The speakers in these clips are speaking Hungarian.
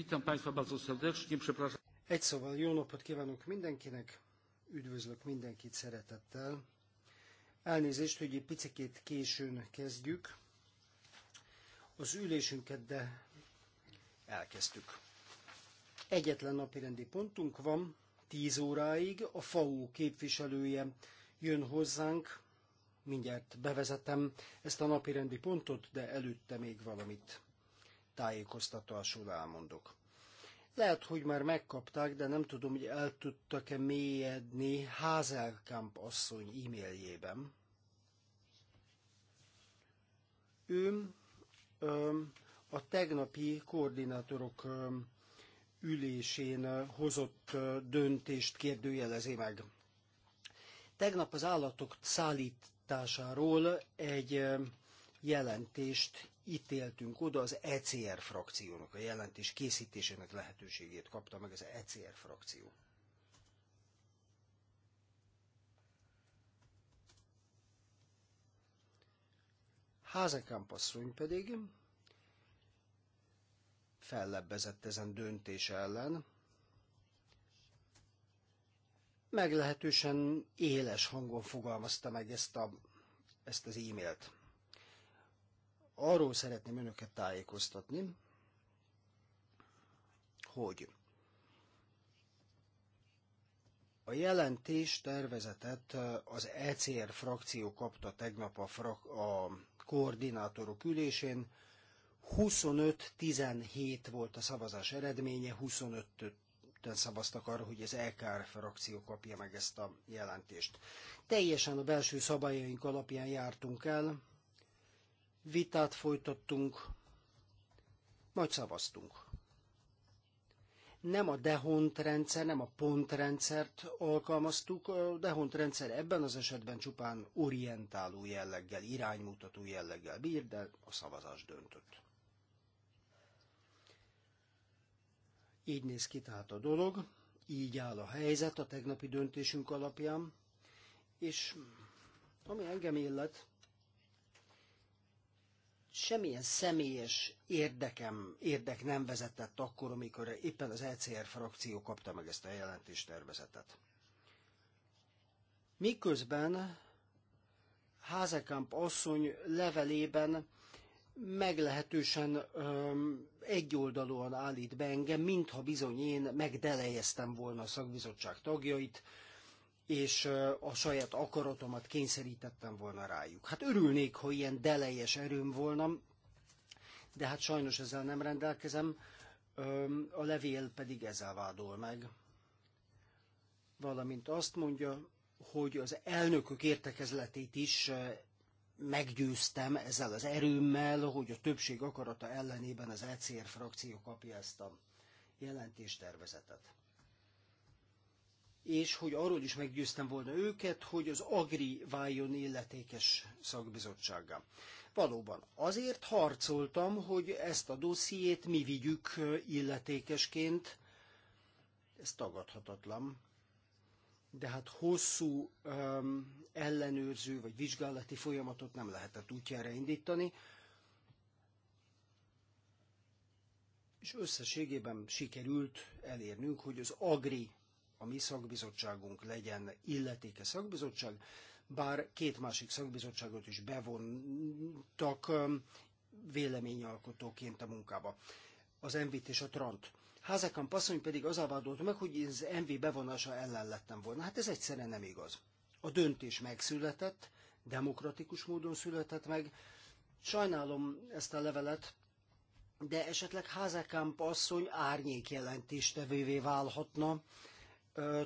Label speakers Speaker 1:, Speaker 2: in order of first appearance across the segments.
Speaker 1: Witam Państwa bardzo serdecznie. Przepraszam.
Speaker 2: Egy szóval jó napot kívánok mindenkinek, üdvözlök mindenkit szeretettel. Elnézést, hogy egy picikét későn kezdjük az ülésünket, de elkezdtük. Egyetlen napirendi pontunk van, 10 óráig a FAU képviselője jön hozzánk, mindjárt bevezetem ezt a napirendi pontot, de előtte még valamit tájékoztató a elmondok. Lehet, hogy már megkapták, de nem tudom, hogy el tudtak-e mélyedni Házelkamp asszony e-mailjében. Ő ö, a tegnapi koordinátorok ö, ülésén hozott döntést kérdőjelezi meg. Tegnap az állatok szállításáról egy jelentést ítéltünk oda, az ECR frakciónak, a jelentés készítésének lehetőségét kapta meg az ECR frakció. Házekamp asszony pedig fellebbezett ezen döntés ellen, meglehetősen éles hangon fogalmazta meg ezt, a, ezt az e-mailt arról szeretném önöket tájékoztatni, hogy a jelentés tervezetet az ECR frakció kapta tegnap a, frak- a koordinátorok ülésén. 25-17 volt a szavazás eredménye, 25 ten szavaztak arra, hogy az EKR frakció kapja meg ezt a jelentést. Teljesen a belső szabályaink alapján jártunk el, vitát folytattunk, majd szavaztunk. Nem a dehont rendszer, nem a pontrendszert alkalmaztuk, a dehont rendszer ebben az esetben csupán orientáló jelleggel, iránymutató jelleggel bír, de a szavazás döntött. Így néz ki tehát a dolog, így áll a helyzet a tegnapi döntésünk alapján, és ami engem illet, semmilyen személyes érdekem, érdek nem vezetett akkor, amikor éppen az ECR frakció kapta meg ezt a jelentést, tervezetet. Miközben Házekamp asszony levelében meglehetősen öm, egyoldalúan állít be engem, mintha bizony én megdelejeztem volna a szakbizottság tagjait, és a saját akaratomat kényszerítettem volna rájuk. Hát örülnék, ha ilyen delejes erőm volna, de hát sajnos ezzel nem rendelkezem, a levél pedig ezzel vádol meg. Valamint azt mondja, hogy az elnökök értekezletét is meggyőztem ezzel az erőmmel, hogy a többség akarata ellenében az ECR frakció kapja ezt a jelentéstervezetet és hogy arról is meggyőztem volna őket, hogy az Agri váljon illetékes szakbizottsággá. Valóban, azért harcoltam, hogy ezt a dossziét mi vigyük illetékesként, ez tagadhatatlan, de hát hosszú um, ellenőrző vagy vizsgálati folyamatot nem lehetett útjára indítani, és összességében sikerült elérnünk, hogy az Agri a mi szakbizottságunk legyen illetéke szakbizottság, bár két másik szakbizottságot is bevontak um, véleményalkotóként a munkába, az MVT és a Trant. Házakán passzony pedig az vádolt meg, hogy az MV bevonása ellen lettem volna. Hát ez egyszerűen nem igaz. A döntés megszületett, demokratikus módon született meg. Sajnálom ezt a levelet, de esetleg házakán passzony árnyék jelentéstevővé válhatna,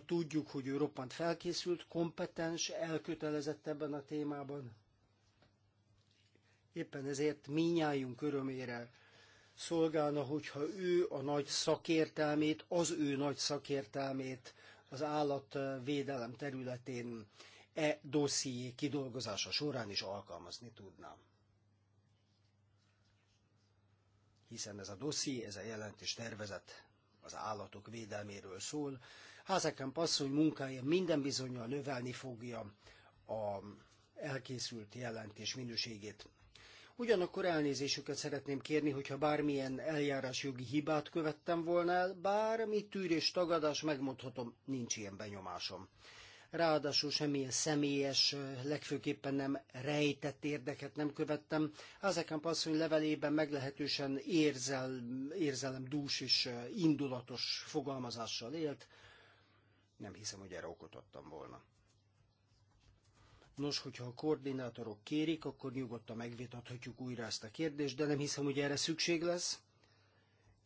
Speaker 2: Tudjuk, hogy ő roppant felkészült, kompetens, elkötelezett ebben a témában. Éppen ezért minnyájunk örömére szolgálna, hogyha ő a nagy szakértelmét, az ő nagy szakértelmét az állatvédelem területén e dosszié kidolgozása során is alkalmazni tudná. Hiszen ez a dosszié, ez a jelentés tervezet az állatok védelméről szól, Házakámp asszony munkája minden bizonyal növelni fogja a elkészült jelentés minőségét. Ugyanakkor elnézésüket szeretném kérni, hogyha bármilyen eljárásjogi hibát követtem volna el, bármi tűrés, tagadás, megmondhatom, nincs ilyen benyomásom. Ráadásul semmilyen személyes, legfőképpen nem rejtett érdeket nem követtem. Ezeken passzony levelében meglehetősen érzel, érzelem dús és eh, indulatos fogalmazással élt. Nem hiszem, hogy erre okot adtam volna. Nos, hogyha a koordinátorok kérik, akkor nyugodtan megvitathatjuk újra ezt a kérdést, de nem hiszem, hogy erre szükség lesz.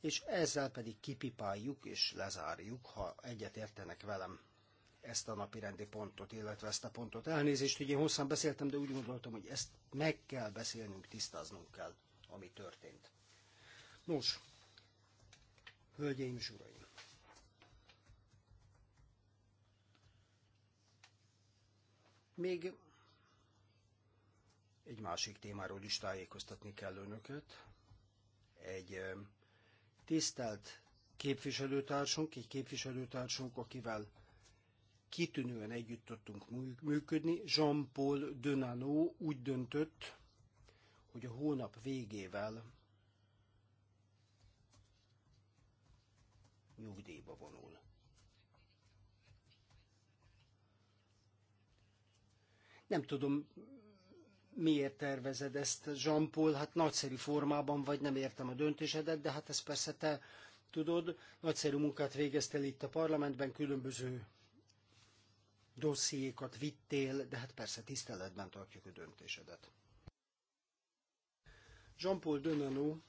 Speaker 2: És ezzel pedig kipipáljuk és lezárjuk, ha egyet értenek velem ezt a napi rendi pontot, illetve ezt a pontot. Elnézést, hogy én hosszan beszéltem, de úgy gondoltam, hogy ezt meg kell beszélnünk, tisztáznunk kell, ami történt. Nos, hölgyeim és uraim! Még egy másik témáról is tájékoztatni kell önöket. Egy tisztelt képviselőtársunk, egy képviselőtársunk, akivel kitűnően együtt tudtunk működni. Jean-Paul Dönano úgy döntött, hogy a hónap végével nyugdíjba vonul. Nem tudom, miért tervezed ezt, Jean-Paul, hát nagyszerű formában vagy, nem értem a döntésedet, de hát ez persze te tudod, nagyszerű munkát végeztél itt a parlamentben, különböző dossziékat vittél, de hát persze tiszteletben tartjuk a döntésedet. Jean-Paul Dönanó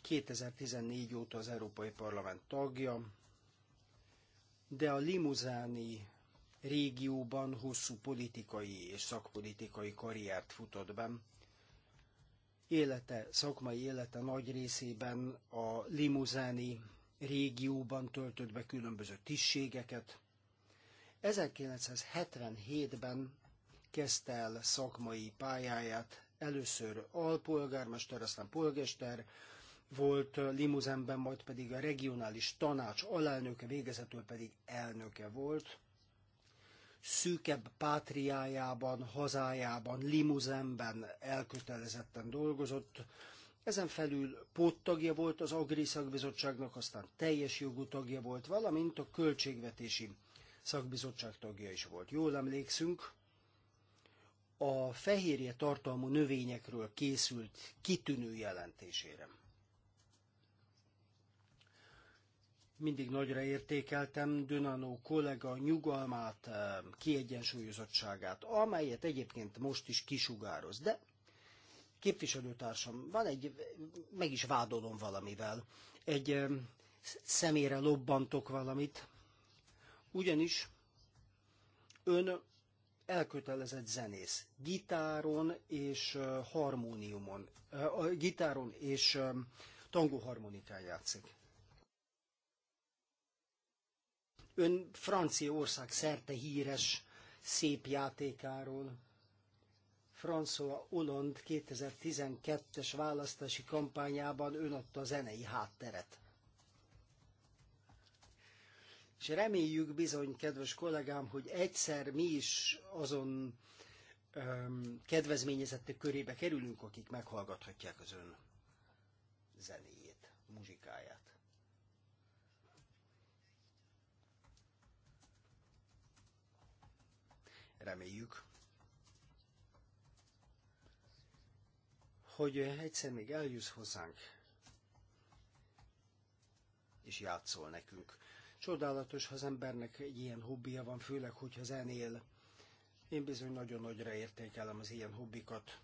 Speaker 2: 2014 óta az Európai Parlament tagja, de a limuzáni régióban hosszú politikai és szakpolitikai karriert futott be. Élete, szakmai élete nagy részében a limuzáni régióban töltött be különböző tisztségeket. 1977-ben kezdte el szakmai pályáját, először alpolgármester, aztán polgester, volt Limuzenben, majd pedig a regionális tanács alelnöke, végezetül pedig elnöke volt szűkebb pátriájában, hazájában, limuzenben elkötelezetten dolgozott. Ezen felül póttagja volt az Agri Szakbizottságnak, aztán teljes jogú tagja volt, valamint a Költségvetési Szakbizottság tagja is volt. Jól emlékszünk, a fehérje tartalmú növényekről készült kitűnő jelentésére. mindig nagyra értékeltem Dönanó kollega nyugalmát, eh, kiegyensúlyozottságát, amelyet egyébként most is kisugároz. De képviselőtársam, van egy, meg is vádolom valamivel, egy eh, szemére lobbantok valamit, ugyanis ön elkötelezett zenész, gitáron és eh, harmóniumon, gitáron és tangóharmonikán játszik. ön Franciaország szerte híres szép játékáról. François Hollande 2012-es választási kampányában ön adta a zenei hátteret. És reméljük bizony, kedves kollégám, hogy egyszer mi is azon öm, kedvezményezettek körébe kerülünk, akik meghallgathatják az ön zenéjét, muzsikáját. reméljük, hogy egyszer még eljössz hozzánk, és játszol nekünk. Csodálatos, ha az embernek egy ilyen hobbija van, főleg, hogyha zenél. Én bizony nagyon nagyra értékelem az ilyen hobbikat.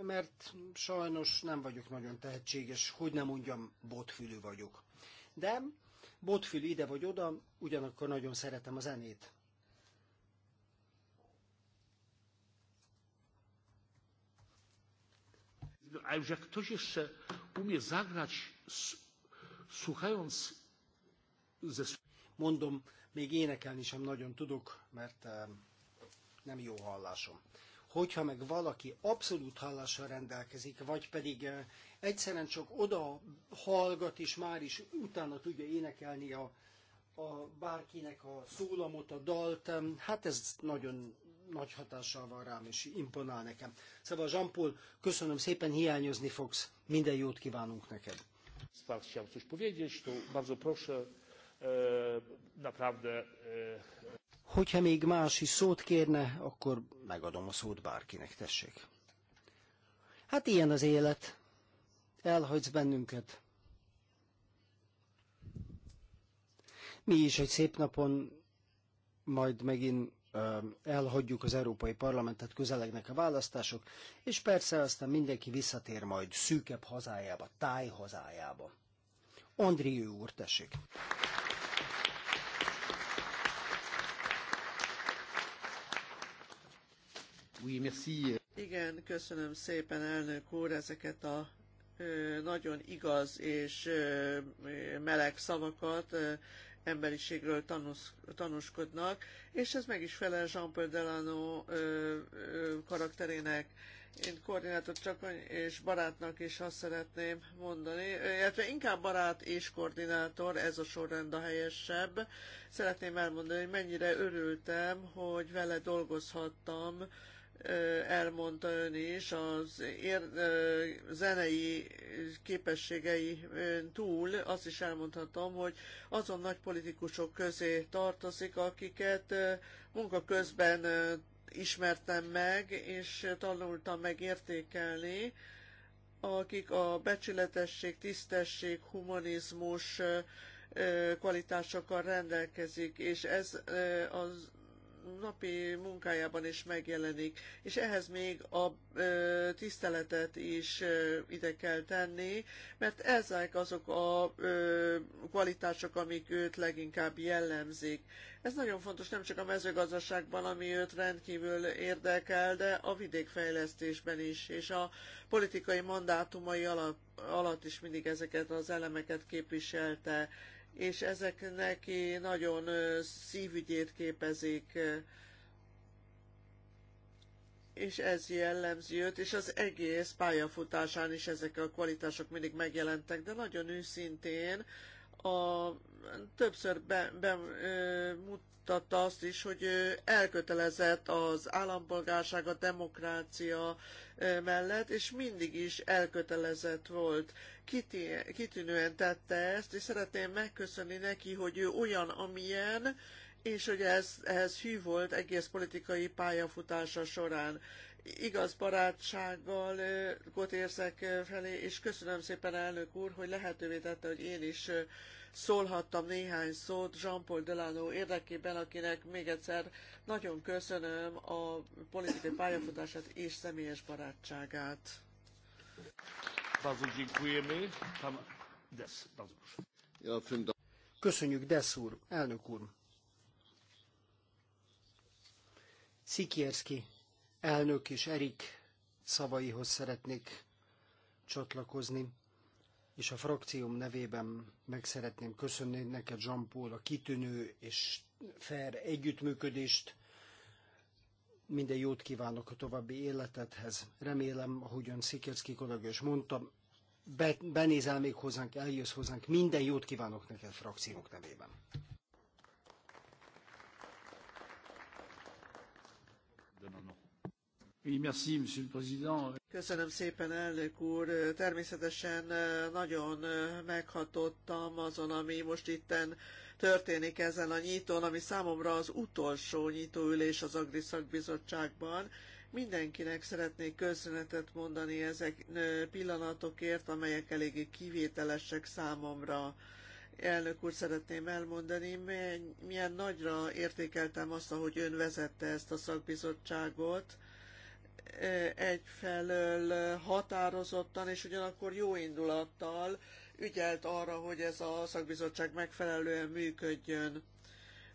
Speaker 2: Mert sajnos nem vagyok nagyon tehetséges, hogy nem mondjam, botfülű vagyok. De botfülű ide vagy oda, ugyanakkor nagyon szeretem a zenét. a już jak ktoś jeszcze umie zagrać z, słuchając ze... Mondom, még énekelni sem nagyon tudok, mert nem jó hallásom. Hogyha meg valaki abszolút hallással rendelkezik, vagy pedig egyszerűen csak oda hallgat, és már is utána tudja énekelni a, a bárkinek a szólamot, a dalt, hát ez nagyon nagy hatással van rám, és imponál nekem. Szóval Jean-Paul, köszönöm szépen, hiányozni fogsz. Minden jót kívánunk neked. Chciałem coś
Speaker 1: powiedzieć, to bardzo proszę, e, naprawdę... E,
Speaker 2: Hogyha még más is szót kérne, akkor megadom a szót bárkinek, tessék. Hát ilyen az élet. Elhagysz bennünket. Mi is egy szép napon majd megint elhagyjuk az Európai Parlamentet, közelegnek a választások, és persze aztán mindenki visszatér majd szűkebb hazájába, táj hazájába. Andrió úr, tessék! Oui, merci.
Speaker 3: Igen, köszönöm szépen, elnök úr, ezeket a nagyon igaz és meleg szavakat emberiségről tanusz, tanúskodnak, és ez meg is felel Jean-Paul Delano ö, ö, karakterének. Én koordinátor csak és barátnak is azt szeretném mondani, illetve inkább barát és koordinátor, ez a sorrend a helyesebb. Szeretném elmondani, hogy mennyire örültem, hogy vele dolgozhattam, elmondta ön is, az ér, zenei képességei túl azt is elmondhatom, hogy azon nagy politikusok közé tartozik, akiket munka közben ismertem meg, és tanultam értékelni, akik a becsületesség, tisztesség, humanizmus, kvalitásokkal rendelkezik, és ez az napi munkájában is megjelenik, és ehhez még a tiszteletet is ide kell tenni, mert ezek azok a kvalitások, amik őt leginkább jellemzik. Ez nagyon fontos nem csak a mezőgazdaságban, ami őt rendkívül érdekel, de a vidékfejlesztésben is, és a politikai mandátumai alap, alatt is mindig ezeket az elemeket képviselte és ezek neki nagyon szívügyét képezik, és ez jellemzi őt, és az egész pályafutásán is ezek a kvalitások mindig megjelentek, de nagyon őszintén a, többször bemutatta be, azt is, hogy elkötelezett az állampolgárság, a demokrácia mellett, és mindig is elkötelezett volt. Kiti, kitűnően tette ezt, és szeretném megköszönni neki, hogy ő olyan, amilyen, és hogy ez, ehhez hű volt egész politikai pályafutása során. Igaz barátsággal Gotérzek felé, és köszönöm szépen elnök úr, hogy lehetővé tette, hogy én is szólhattam néhány szót Jean-Paul Delano érdekében, akinek még egyszer nagyon köszönöm a politikai pályafutását és személyes barátságát.
Speaker 2: Köszönjük, Desz úr, elnök úr. Szikierszki elnök és Erik szavaihoz szeretnék csatlakozni és a frakcióm nevében meg szeretném köszönni neked, jean a kitűnő és fair együttműködést. Minden jót kívánok a további életedhez. Remélem, ahogyan Szikerszki kollega is mondta, be, benézel még hozzánk, eljössz hozzánk. Minden jót kívánok neked frakciónk nevében.
Speaker 3: Köszönöm szépen, elnök úr. Természetesen eh, nagyon eh, meghatottam azon, ami most itten történik ezen a nyitón, ami számomra az utolsó nyitóülés az Agri Szakbizottságban. Mindenkinek szeretnék köszönetet mondani ezek eh, pillanatokért, amelyek eléggé kivételesek számomra elnök úr, szeretném elmondani, milyen nagyra értékeltem azt, ahogy ön vezette ezt a szakbizottságot, egyfelől határozottan és ugyanakkor jó indulattal ügyelt arra, hogy ez a szakbizottság megfelelően működjön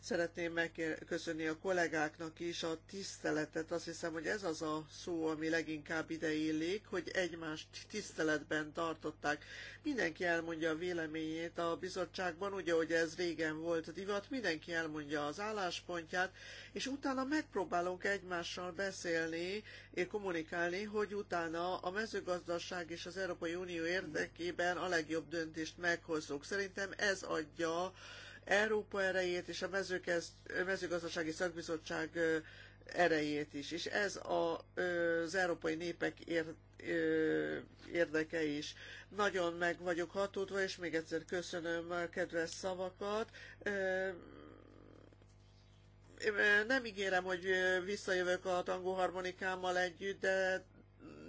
Speaker 3: Szeretném megköszönni a kollégáknak is a tiszteletet. Azt hiszem, hogy ez az a szó, ami leginkább ide illik, hogy egymást tiszteletben tartották. Mindenki elmondja a véleményét a bizottságban, ugye, hogy ez régen volt a divat, mindenki elmondja az álláspontját, és utána megpróbálunk egymással beszélni és kommunikálni, hogy utána a mezőgazdaság és az Európai Unió érdekében a legjobb döntést meghozzuk. Szerintem ez adja Európa erejét és a mezőgazdasági szakbizottság erejét is. És ez a, az európai népek ér, érdeke is. Nagyon meg vagyok hatódva, és még egyszer köszönöm a kedves szavakat. Nem ígérem, hogy visszajövök a tangóharmonikámmal együtt, de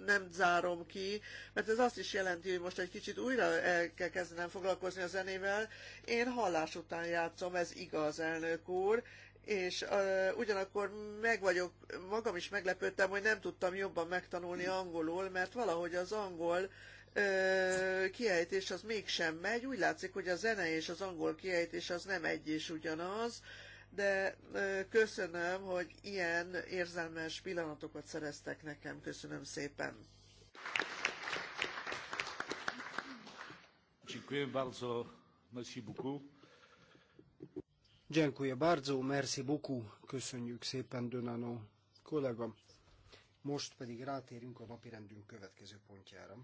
Speaker 3: nem zárom ki, mert ez azt is jelenti, hogy most egy kicsit újra el kell kezdenem foglalkozni a zenével. Én hallás után játszom, ez igaz, elnök úr, és uh, ugyanakkor meg vagyok, magam is meglepődtem, hogy nem tudtam jobban megtanulni angolul, mert valahogy az angol kiejtés az mégsem megy. Úgy látszik, hogy a zene és az angol kiejtés az nem egy és ugyanaz de köszönöm, hogy ilyen érzelmes pillanatokat szereztek nekem. Köszönöm szépen.
Speaker 1: Dziękuję bardzo.
Speaker 2: Merci beaucoup. Dziękuję bardzo, merci beaucoup. Köszönjük szépen, Dönano kollega. Most pedig rátérünk a napirendünk következő pontjára.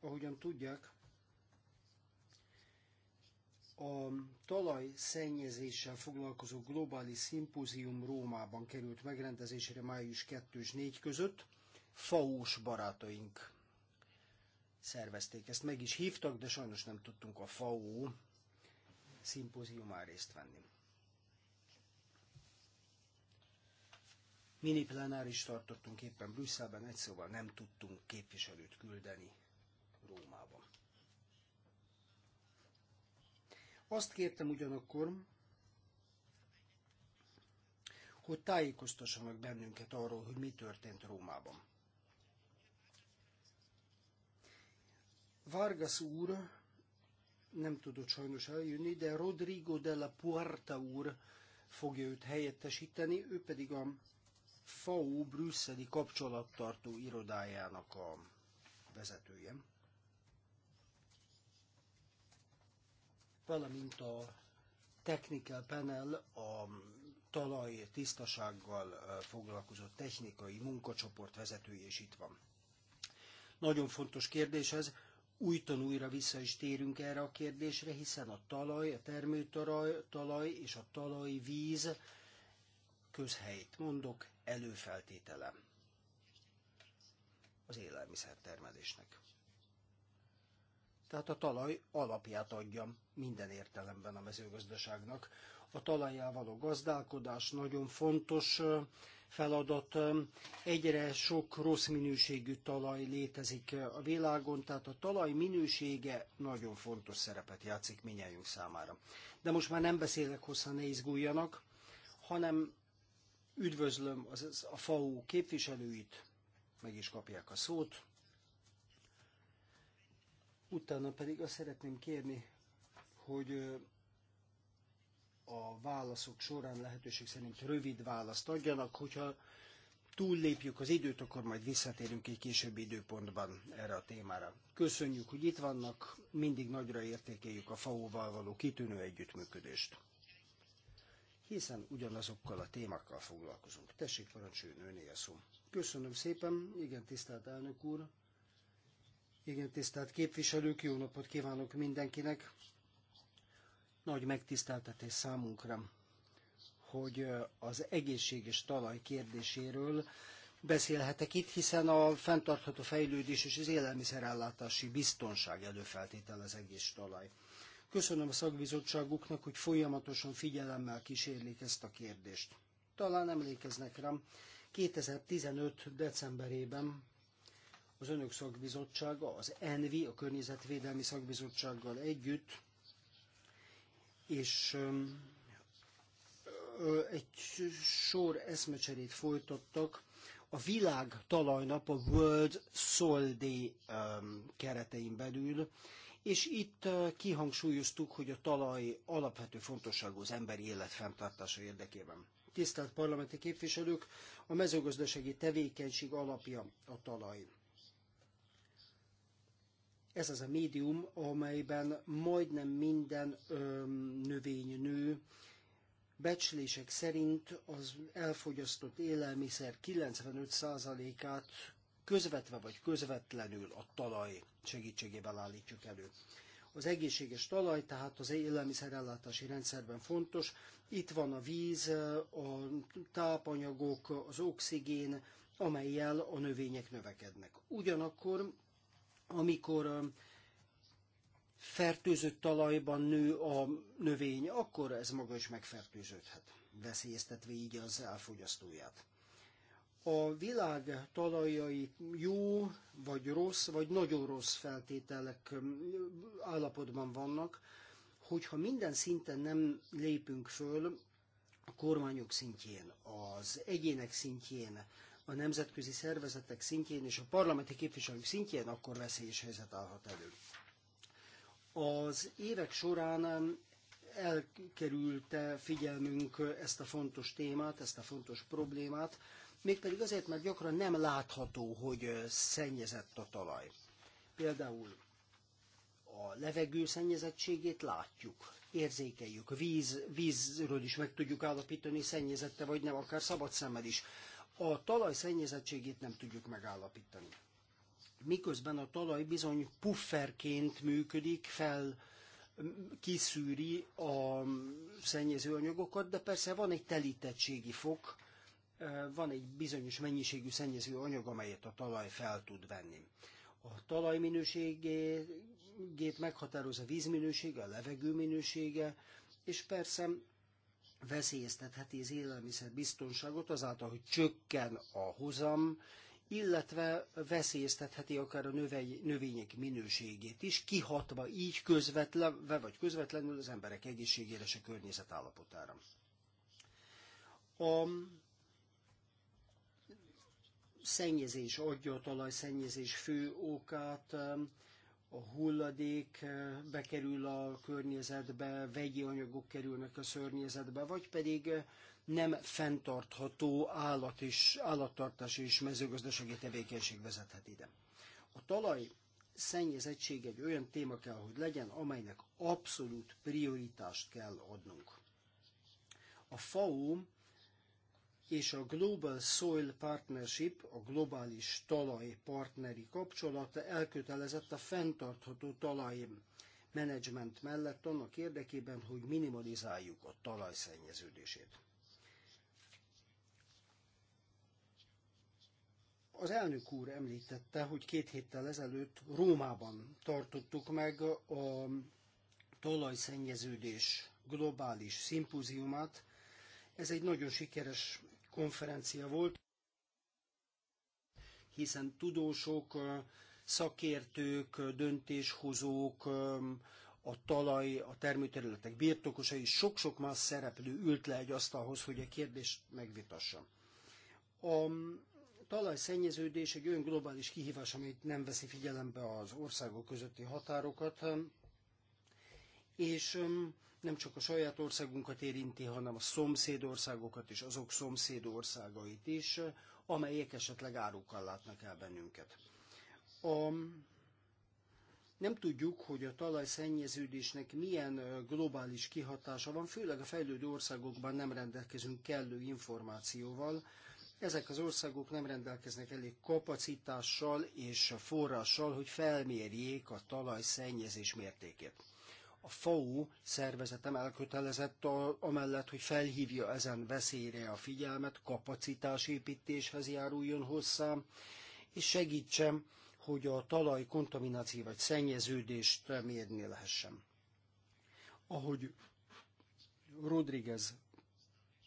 Speaker 2: Ahogyan tudják, a szennyezéssel foglalkozó globális szimpózium Rómában került megrendezésre május 2 és 4 között. Faús barátaink szervezték. Ezt meg is hívtak, de sajnos nem tudtunk a FAO szimpóziumán részt venni. Mini plenáris tartottunk éppen Brüsszelben, egy szóval nem tudtunk képviselőt küldeni Rómába. Azt kértem ugyanakkor, hogy tájékoztassanak bennünket arról, hogy mi történt Rómában. Vargas úr nem tudott sajnos eljönni, de Rodrigo de la Puerta úr fogja őt helyettesíteni, ő pedig a FAO brüsszeli kapcsolattartó irodájának a vezetője. valamint a technical panel, a talaj tisztasággal foglalkozó technikai munkacsoport vezetője is itt van. Nagyon fontos kérdés ez, újton újra vissza is térünk erre a kérdésre, hiszen a talaj, a termőtalaj talaj és a talajvíz közhelyt mondok, előfeltétele az élelmiszertermelésnek. Tehát a talaj alapját adja minden értelemben a mezőgazdaságnak. A talajjal való gazdálkodás nagyon fontos feladat. Egyre sok rossz minőségű talaj létezik a világon, tehát a talaj minősége nagyon fontos szerepet játszik minnyájunk számára. De most már nem beszélek hozzá, ne izguljanak, hanem üdvözlöm az, a FAO képviselőit, meg is kapják a szót. Utána pedig azt szeretném kérni, hogy a válaszok során lehetőség szerint rövid választ adjanak, hogyha túllépjük az időt, akkor majd visszatérünk egy későbbi időpontban erre a témára. Köszönjük, hogy itt vannak, mindig nagyra értékeljük a FAO-val való kitűnő együttműködést. Hiszen ugyanazokkal a témákkal foglalkozunk. Tessék, parancsoljon öné szó. Köszönöm szépen, igen, tisztelt elnök úr, igen, tisztelt képviselők, jó napot kívánok mindenkinek. Nagy megtiszteltetés számunkra, hogy az egészséges talaj kérdéséről beszélhetek itt, hiszen a fenntartható fejlődés és az élelmiszerellátási biztonság előfeltétel az egész talaj. Köszönöm a szakbizottságuknak, hogy folyamatosan figyelemmel kísérlik ezt a kérdést. Talán emlékeznek rám, 2015. decemberében az önök szakbizottsága, az ENVI, a Környezetvédelmi Szakbizottsággal együtt, és egy sor eszmecserét folytattak a világ talajnap, a World Soil Day keretein belül, és itt kihangsúlyoztuk, hogy a talaj alapvető fontosságú az emberi élet fenntartása érdekében. Tisztelt parlamenti képviselők, a mezőgazdasági tevékenység alapja a talaj. Ez az a médium, amelyben majdnem minden öm, növény nő. Becslések szerint az elfogyasztott élelmiszer 95%-át közvetve vagy közvetlenül a talaj segítségével állítjuk elő. Az egészséges talaj tehát az élelmiszerellátási rendszerben fontos. Itt van a víz, a tápanyagok, az oxigén, amelyel a növények növekednek. Ugyanakkor amikor fertőzött talajban nő a növény, akkor ez maga is megfertőződhet, veszélyeztetve így az elfogyasztóját. A világ talajai jó, vagy rossz, vagy nagyon rossz feltételek állapotban vannak, hogyha minden szinten nem lépünk föl, a kormányok szintjén, az egyének szintjén, a nemzetközi szervezetek szintjén és a parlamenti képviselők szintjén, akkor veszélyes helyzet állhat elő. Az évek során elkerülte figyelmünk ezt a fontos témát, ezt a fontos problémát, mégpedig azért, mert gyakran nem látható, hogy szennyezett a talaj. Például a levegő szennyezettségét látjuk, érzékeljük, víz, vízről is meg tudjuk állapítani, szennyezette vagy nem, akár szabad szemmel is a talaj szennyezettségét nem tudjuk megállapítani. Miközben a talaj bizony pufferként működik, fel kiszűri a anyagokat, de persze van egy telítettségi fok, van egy bizonyos mennyiségű szennyező anyag, amelyet a talaj fel tud venni. A talaj minőségét meghatározza a vízminősége, a levegő minősége, és persze veszélyeztetheti az élelmiszer biztonságot azáltal, hogy csökken a hozam, illetve veszélyeztetheti akár a növény, növények minőségét is, kihatva így közvetlen vagy közvetlenül az emberek egészségére és a környezet állapotára. A szennyezés adja a talajszennyezés fő okát, a hulladék eh, bekerül a környezetbe, vegyi anyagok kerülnek a környezetbe, vagy pedig eh, nem fenntartható állat és, állattartás és mezőgazdasági tevékenység vezethet ide. A talaj szennyezettség egy olyan téma kell, hogy legyen, amelynek abszolút prioritást kell adnunk. A FAO és a Global Soil Partnership, a globális talaj partneri kapcsolata elkötelezett a fenntartható talaj menedzsment mellett annak érdekében, hogy minimalizáljuk a talajszennyeződését. Az elnök úr említette, hogy két héttel ezelőtt Rómában tartottuk meg a talajszennyeződés globális szimpóziumát. Ez egy nagyon sikeres konferencia volt, hiszen tudósok, szakértők, döntéshozók, a talaj, a termőterületek birtokosa és sok-sok más szereplő ült le egy asztalhoz, hogy a kérdést megvitassa. A talajszennyeződés egy olyan globális kihívás, amit nem veszi figyelembe az országok közötti határokat, és nem csak a saját országunkat érinti, hanem a szomszéd országokat és azok szomszéd országait is, amelyek esetleg árukkal látnak el bennünket. A, nem tudjuk, hogy a talajszennyeződésnek milyen globális kihatása van, főleg a fejlődő országokban nem rendelkezünk kellő információval. Ezek az országok nem rendelkeznek elég kapacitással és forrással, hogy felmérjék a talajszennyezés mértékét. A FAO szervezetem elkötelezett a, amellett, hogy felhívja ezen veszélyre a figyelmet, kapacitásépítéshez járuljon hozzá, és segítsem, hogy a talaj kontamináció vagy szennyeződést mérni lehessen. Ahogy Rodriguez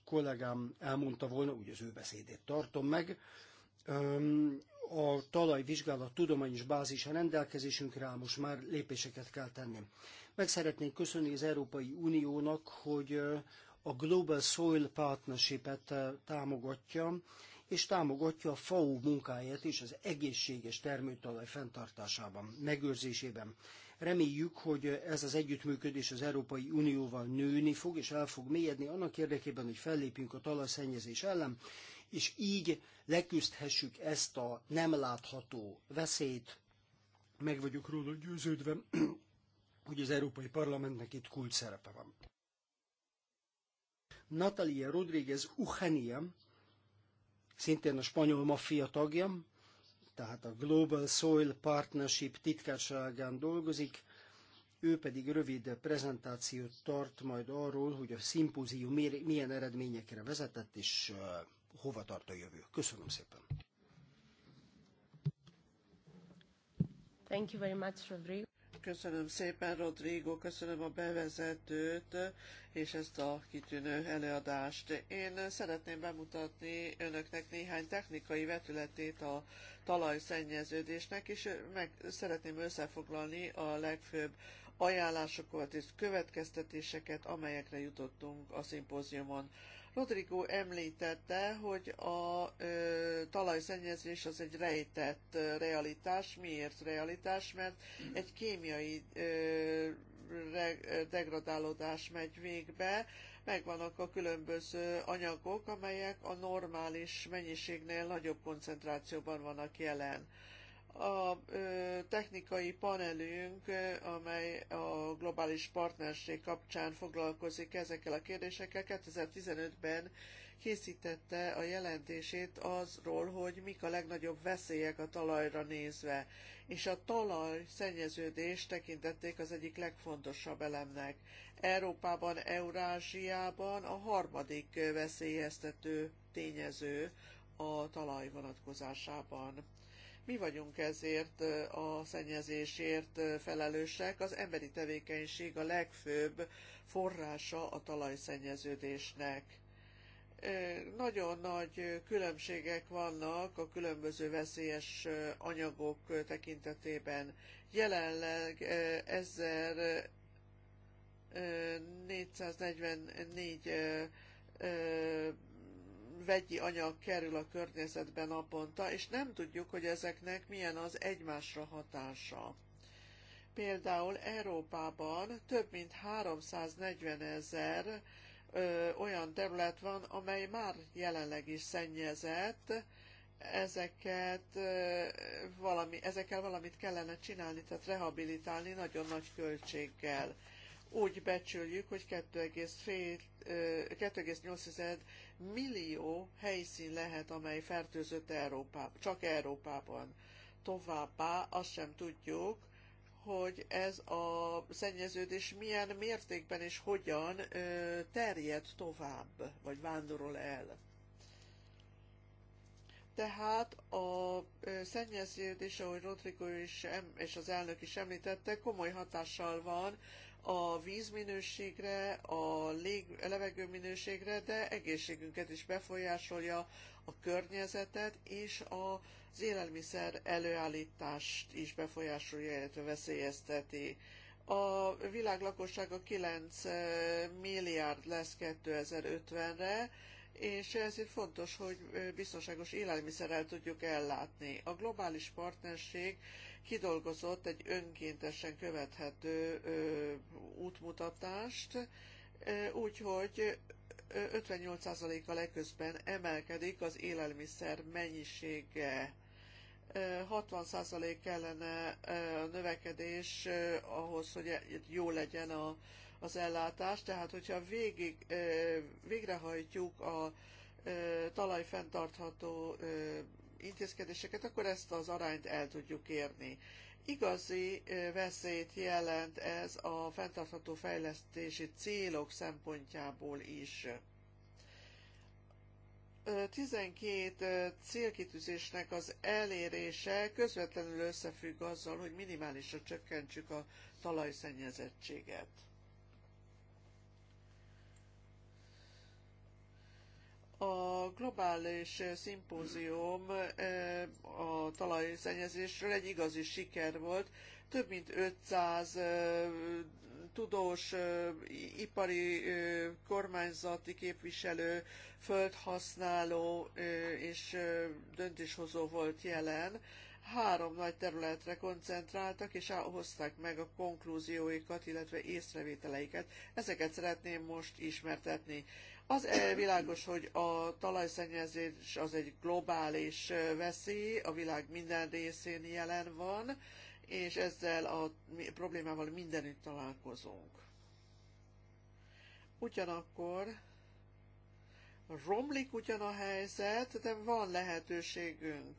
Speaker 2: kollégám elmondta volna, úgy az ő beszédét tartom meg, a talajvizsgálat tudományos bázisa rendelkezésünkre áll, most már lépéseket kell tenni. Meg szeretnénk köszönni az Európai Uniónak, hogy a Global Soil Partnership-et támogatja, és támogatja a FAO munkáját is az egészséges termőtalaj fenntartásában, megőrzésében. Reméljük, hogy ez az együttműködés az Európai Unióval nőni fog, és el fog mélyedni annak érdekében, hogy fellépjünk a talajszennyezés ellen, és így leküzdhessük ezt a nem látható veszélyt. Meg vagyok róla győződve, hogy az Európai Parlamentnek itt kult szerepe van. Natalia Rodríguez Uchenia, szintén a spanyol maffia tagja, tehát a Global Soil Partnership titkárságán dolgozik, ő pedig rövid prezentációt tart majd arról, hogy a szimpózium milyen eredményekre vezetett, és hova tart a jövő. Köszönöm szépen!
Speaker 3: Thank you very much, Rodrigo. Köszönöm szépen, Rodrigo, köszönöm a bevezetőt és ezt a kitűnő előadást. Én szeretném bemutatni önöknek néhány technikai vetületét a talajszennyeződésnek, és meg szeretném összefoglalni a legfőbb ajánlásokat és következtetéseket, amelyekre jutottunk a szimpóziumon. Rodrigo említette, hogy a ö, talajszennyezés az egy rejtett ö, realitás. Miért realitás? Mert egy kémiai ö, re, degradálódás megy végbe, megvannak a különböző anyagok, amelyek a normális mennyiségnél nagyobb koncentrációban vannak jelen a technikai panelünk, amely a globális partnerség kapcsán foglalkozik ezekkel a kérdésekkel, 2015-ben készítette a jelentését azról, hogy mik a legnagyobb veszélyek a talajra nézve, és a talaj szennyeződés tekintették az egyik legfontosabb elemnek. Európában, Eurázsiában a harmadik veszélyeztető tényező a talaj vonatkozásában mi vagyunk ezért a szennyezésért felelősek. Az emberi tevékenység a legfőbb forrása a talajszennyeződésnek nagyon nagy különbségek vannak a különböző veszélyes anyagok tekintetében. Jelenleg 1444 vegyi anyag kerül a környezetbe naponta, és nem tudjuk, hogy ezeknek milyen az egymásra hatása. Például Európában több mint 340 ezer olyan terület van, amely már jelenleg is szennyezett, ezeket ö, valami, ezekkel valamit kellene csinálni, tehát rehabilitálni nagyon nagy költséggel úgy becsüljük, hogy 2,8 millió helyszín lehet, amely fertőzött Európában, csak Európában. Továbbá azt sem tudjuk, hogy ez a szennyeződés milyen mértékben és hogyan terjed tovább, vagy vándorol el. Tehát a szennyeződés, ahogy Rodrigo is, és az elnök is említette, komoly hatással van a vízminőségre, a lég, levegő minőségre, de egészségünket is befolyásolja a környezetet, és az élelmiszer előállítást is befolyásolja, illetve veszélyezteti. A világ lakossága 9 eh, milliárd lesz 2050-re, és ezért fontos, hogy eh, biztonságos élelmiszerrel tudjuk ellátni. A globális partnerség kidolgozott egy önkéntesen követhető útmutatást, úgyhogy 58 a legközben emelkedik az élelmiszer mennyisége. 60% kellene a növekedés ahhoz, hogy e, jó legyen a, az ellátás, tehát hogyha végig, végrehajtjuk a talajfenntartható intézkedéseket, akkor ezt az arányt el tudjuk érni. Igazi veszélyt jelent ez a fenntartható fejlesztési célok szempontjából is. 12 célkitűzésnek az elérése közvetlenül összefügg azzal, hogy minimálisra csökkentsük a talajszennyezettséget. A globális szimpózium eh, a talajszennyezésről egy igazi siker volt. Több mint 500 eh, tudós, eh, ipari, kormányzati képviselő, földhasználó és döntéshozó volt jelen. Három nagy területre koncentráltak, és hozták meg a konklúzióikat, illetve észrevételeiket. Ezeket szeretném most ismertetni. Az világos, hogy a talajszennyezés az egy globális veszély, a világ minden részén jelen van, és ezzel a problémával mindenütt találkozunk. Ugyanakkor romlik ugyan a helyzet, de van lehetőségünk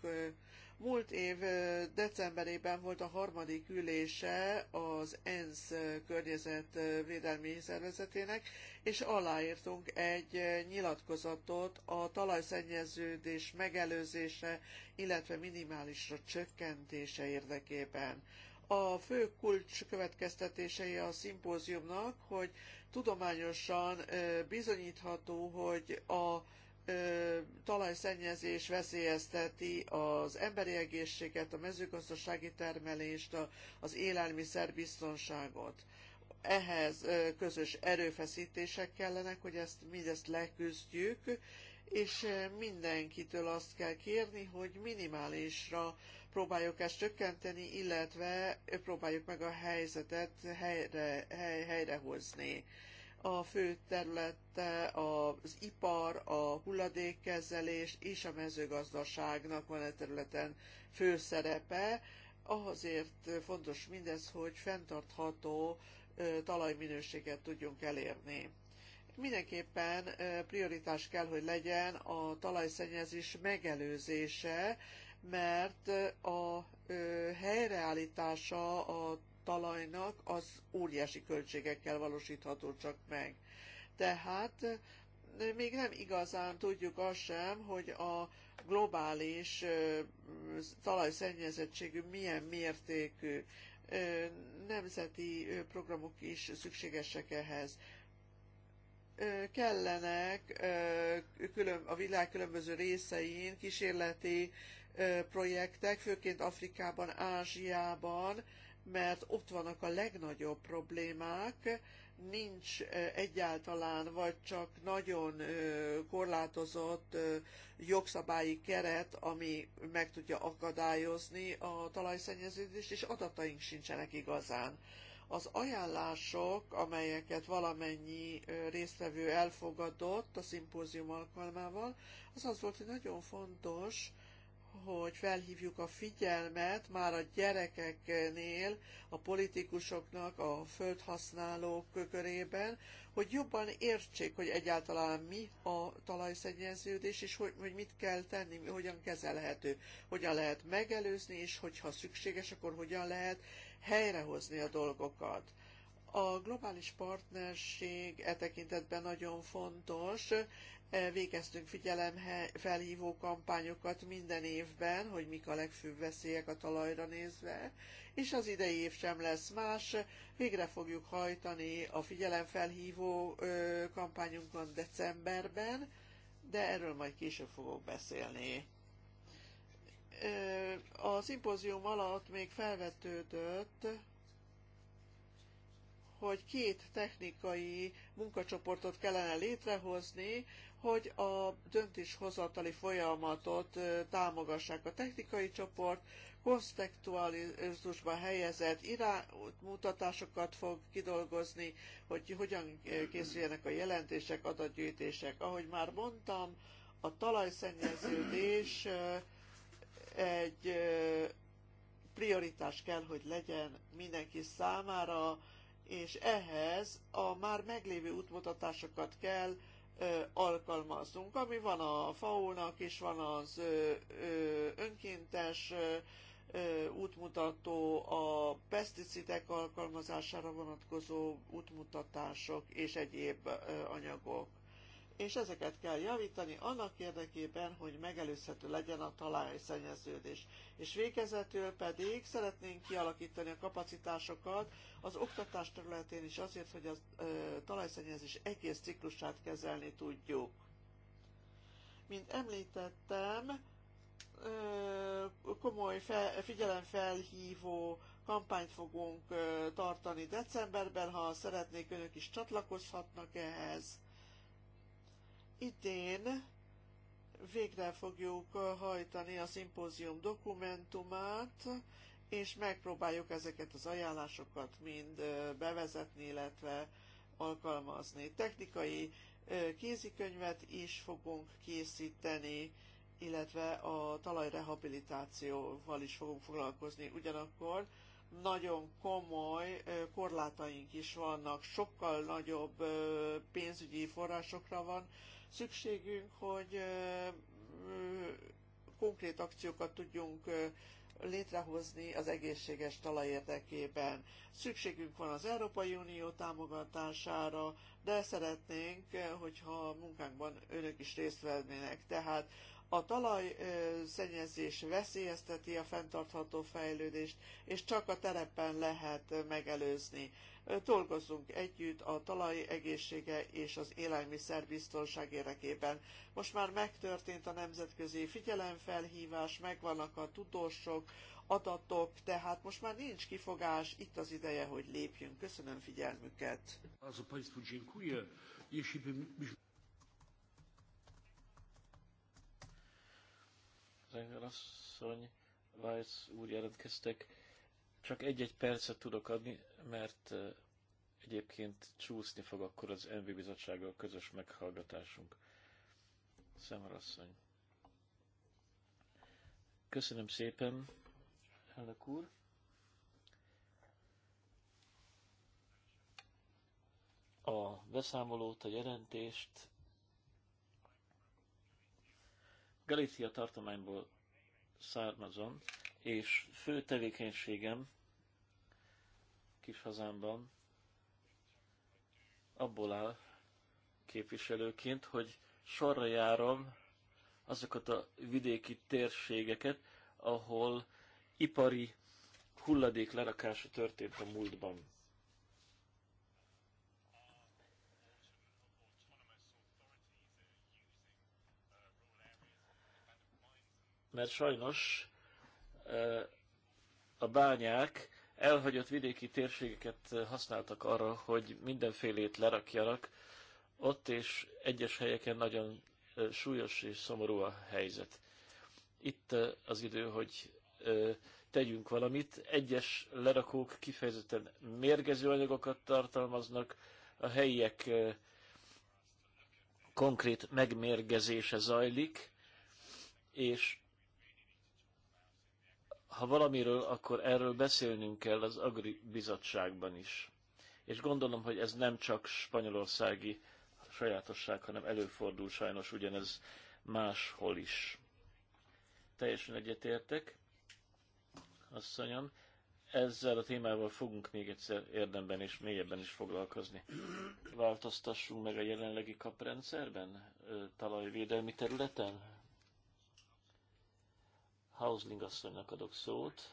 Speaker 3: Múlt év decemberében volt a harmadik ülése az ENSZ környezetvédelmi szervezetének, és aláírtunk egy nyilatkozatot a talajszennyeződés megelőzése, illetve minimálisra csökkentése érdekében. A fő kulcs következtetései a szimpóziumnak, hogy tudományosan bizonyítható, hogy a talajszennyezés veszélyezteti az emberi egészséget, a mezőgazdasági termelést, az élelmiszerbiztonságot. Ehhez közös erőfeszítések kellenek, hogy ezt mindezt leküzdjük, és mindenkitől azt kell kérni, hogy minimálisra próbáljuk ezt csökkenteni, illetve próbáljuk meg a helyzetet helyre, hely, helyrehozni a fő területe az ipar, a hulladékkezelés és a mezőgazdaságnak van e területen fő szerepe. Azért fontos mindez, hogy fenntartható talajminőséget tudjunk elérni. Mindenképpen prioritás kell, hogy legyen a talajszennyezés megelőzése, mert a helyreállítása a talajnak, az óriási költségekkel valósítható csak meg. Tehát még nem igazán tudjuk azt sem, hogy a globális talajszennyezettségű milyen mértékű nemzeti programok is szükségesek ehhez kellenek a világ különböző részein kísérleti projektek, főként Afrikában, Ázsiában, mert ott vannak a legnagyobb problémák, nincs egyáltalán, vagy csak nagyon korlátozott jogszabályi keret, ami meg tudja akadályozni a talajszennyeződést, és adataink sincsenek igazán. Az ajánlások, amelyeket valamennyi résztvevő elfogadott a szimpózium alkalmával, az az volt, hogy nagyon fontos, hogy felhívjuk a figyelmet már a gyerekeknél, a politikusoknak, a földhasználók körében, hogy jobban értsék, hogy egyáltalán mi a talajszennyeződés, és hogy, hogy mit kell tenni, hogyan kezelhető, hogyan lehet megelőzni, és hogyha szükséges, akkor hogyan lehet helyrehozni a dolgokat. A globális partnerség e tekintetben nagyon fontos, Végeztünk figyelemfelhívó kampányokat minden évben, hogy mik a legfőbb veszélyek a talajra nézve, és az idei év sem lesz más. Végre fogjuk hajtani a figyelemfelhívó kampányunkon decemberben, de erről majd később fogok beszélni. A szimpózium alatt még felvetődött, hogy két technikai munkacsoportot kellene létrehozni, hogy a döntéshozatali folyamatot támogassák a technikai csoport, konspektualizmusba helyezett iránymutatásokat fog kidolgozni, hogy hogyan készüljenek a jelentések, adatgyűjtések. Ahogy már mondtam, a talajszennyeződés egy prioritás kell, hogy legyen mindenki számára, és ehhez a már meglévő útmutatásokat kell alkalmazzunk, ami van a fao és is, van az önkéntes útmutató, a peszticidek alkalmazására vonatkozó útmutatások és egyéb anyagok és ezeket kell javítani annak érdekében, hogy megelőzhető legyen a talajszennyeződés. És végezetül pedig szeretnénk kialakítani a kapacitásokat az oktatás területén is azért, hogy a talajszennyezés egész ciklusát kezelni tudjuk. Mint említettem, komoly figyelemfelhívó kampányt fogunk tartani decemberben, ha szeretnék, önök is csatlakozhatnak ehhez idén végre fogjuk uh, hajtani a szimpózium dokumentumát, és megpróbáljuk ezeket az ajánlásokat mind uh, bevezetni, illetve alkalmazni. Technikai uh, kézikönyvet is fogunk készíteni, illetve a talajrehabilitációval is fogunk foglalkozni. Ugyanakkor nagyon komoly korlátaink is vannak, sokkal nagyobb pénzügyi forrásokra van szükségünk, hogy konkrét akciókat tudjunk létrehozni az egészséges talaj érdekében. Szükségünk van az Európai Unió támogatására, de szeretnénk, hogyha a munkánkban önök is részt vennének. Tehát a talajszennyezés veszélyezteti a fenntartható fejlődést, és csak a terepen lehet megelőzni. Dolgozzunk együtt a talaj egészsége és az élelmiszerbiztonság érdekében. Most már megtörtént a nemzetközi figyelemfelhívás, megvannak a tudósok, adatok, tehát most már nincs kifogás, itt az ideje, hogy lépjünk. Köszönöm figyelmüket!
Speaker 1: Lichtenberger asszony, Weiss úr jelentkeztek. Csak egy-egy percet tudok adni, mert eh, egyébként csúszni fog akkor az MV bizottsággal közös meghallgatásunk. asszony. Köszönöm szépen, elnök úr. A beszámolót, a jelentést Galícia tartományból származom, és fő tevékenységem kis hazámban abból áll képviselőként, hogy sorra járom azokat a vidéki térségeket, ahol ipari hulladék lerakása történt a múltban. mert sajnos a bányák elhagyott vidéki térségeket használtak arra, hogy mindenfélét lerakjanak ott, és egyes helyeken nagyon súlyos és szomorú a helyzet. Itt az idő, hogy tegyünk valamit. Egyes lerakók kifejezetten mérgező anyagokat tartalmaznak, a helyiek konkrét megmérgezése zajlik, és ha valamiről, akkor erről beszélnünk kell az Agri Bizottságban is. És gondolom, hogy ez nem csak spanyolországi sajátosság, hanem előfordul sajnos ugyanez máshol is. Teljesen egyetértek, asszonyom. Ezzel a témával fogunk még egyszer érdemben és mélyebben is foglalkozni. Változtassunk meg a jelenlegi kaprendszerben, talajvédelmi területen? Hausling asszonynak adok szót.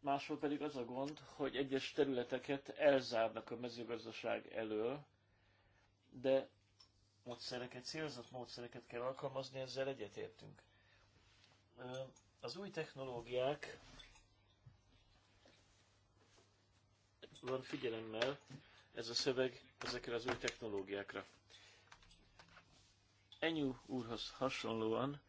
Speaker 1: Máshol pedig az a gond, hogy egyes területeket elzárnak a mezőgazdaság elől, de módszereket, célzott módszereket kell alkalmazni, ezzel egyetértünk. Az új technológiák van figyelemmel ez a szöveg ezekre az új technológiákra. Enyú úrhoz hasonlóan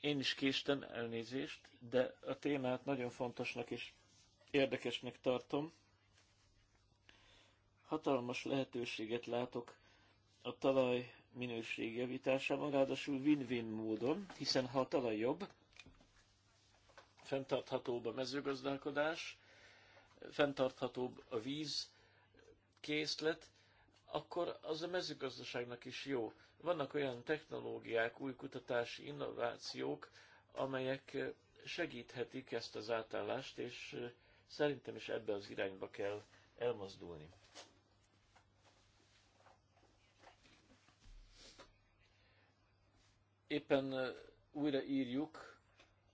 Speaker 1: én is késtem elnézést, de a témát nagyon fontosnak és érdekesnek tartom. Hatalmas lehetőséget látok a talaj minőség javításában, ráadásul win-win módon, hiszen ha a talaj jobb, fenntarthatóbb a mezőgazdálkodás, fenntarthatóbb a víz készlet, akkor az a mezőgazdaságnak is jó. Vannak olyan technológiák, új kutatási innovációk, amelyek eh, segíthetik ezt az átállást, és eh, szerintem is ebbe az irányba kell elmozdulni. Éppen eh, újra írjuk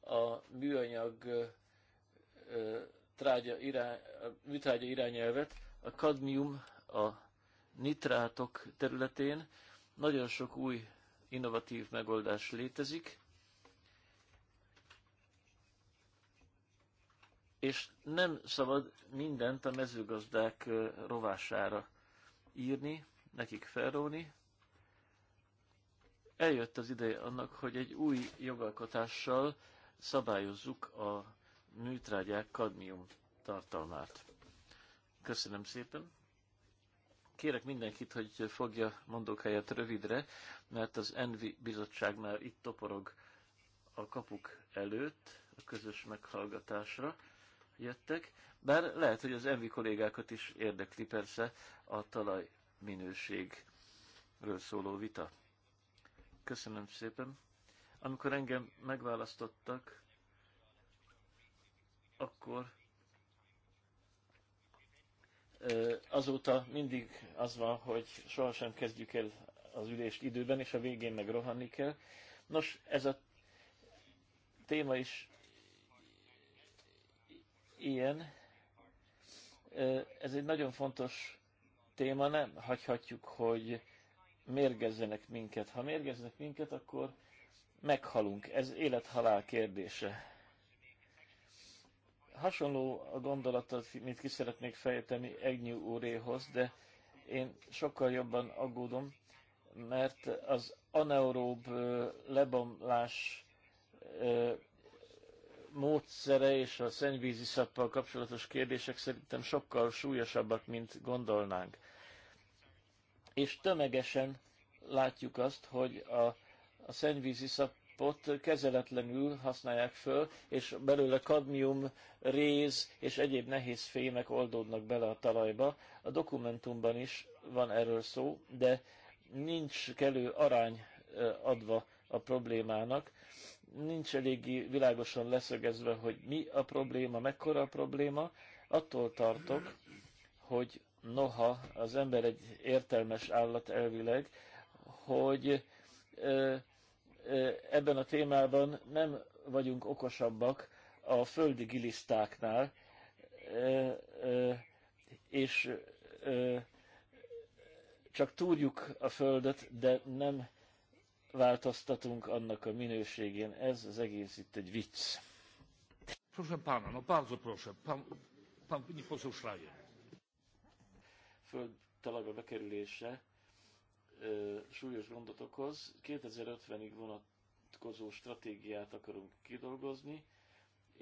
Speaker 1: a műanyag trágya irány, műtrágya irányelvet, a kadmium, a nitrátok területén nagyon sok új innovatív megoldás létezik, és nem szabad mindent a mezőgazdák rovására írni, nekik felróni. Eljött az ideje annak, hogy egy új jogalkotással szabályozzuk a műtrágyák kadmium tartalmát. Köszönöm szépen! kérek mindenkit, hogy fogja mondók helyet rövidre, mert az Envi bizottság már itt toporog a kapuk előtt, a közös meghallgatásra jöttek, bár lehet, hogy az Envi kollégákat is érdekli persze a talajminőségről szóló vita. Köszönöm szépen. Amikor engem megválasztottak, akkor azóta mindig az van, hogy sohasem kezdjük el az ülést időben, és a végén meg rohanni kell. Nos, ez a téma is ilyen. Ez egy nagyon fontos téma, nem hagyhatjuk, hogy mérgezzenek minket. Ha mérgeznek minket, akkor meghalunk. Ez élethalál kérdése. Hasonló a gondolatot, mint ki szeretnék fejteni Egnyú úréhoz, de én sokkal jobban aggódom, mert az aneuróbb lebomlás módszere és a szennyvízi szappal kapcsolatos kérdések szerintem sokkal súlyosabbak, mint gondolnánk. És tömegesen látjuk azt, hogy a, a szennyvízi szap alapot kezeletlenül használják föl, és belőle kadmium, réz és egyéb nehéz fémek oldódnak bele a talajba. A dokumentumban is van erről szó, de nincs kellő arány eh, adva a problémának, nincs eléggé világosan leszögezve, hogy mi a probléma, mekkora a probléma. Attól tartok, hogy noha az ember egy értelmes állat elvileg, hogy eh, ebben a témában nem vagyunk okosabbak a földi gilisztáknál, és csak túrjuk a földet, de nem változtatunk annak a minőségén. Ez az egész itt egy vicc. Proszę pana, no bardzo proszę, pan, pan nie poseł Schreier. Föld talajba bekerülése ö, súlyos gondot okoz. 2050-ig vonatkozó stratégiát akarunk kidolgozni,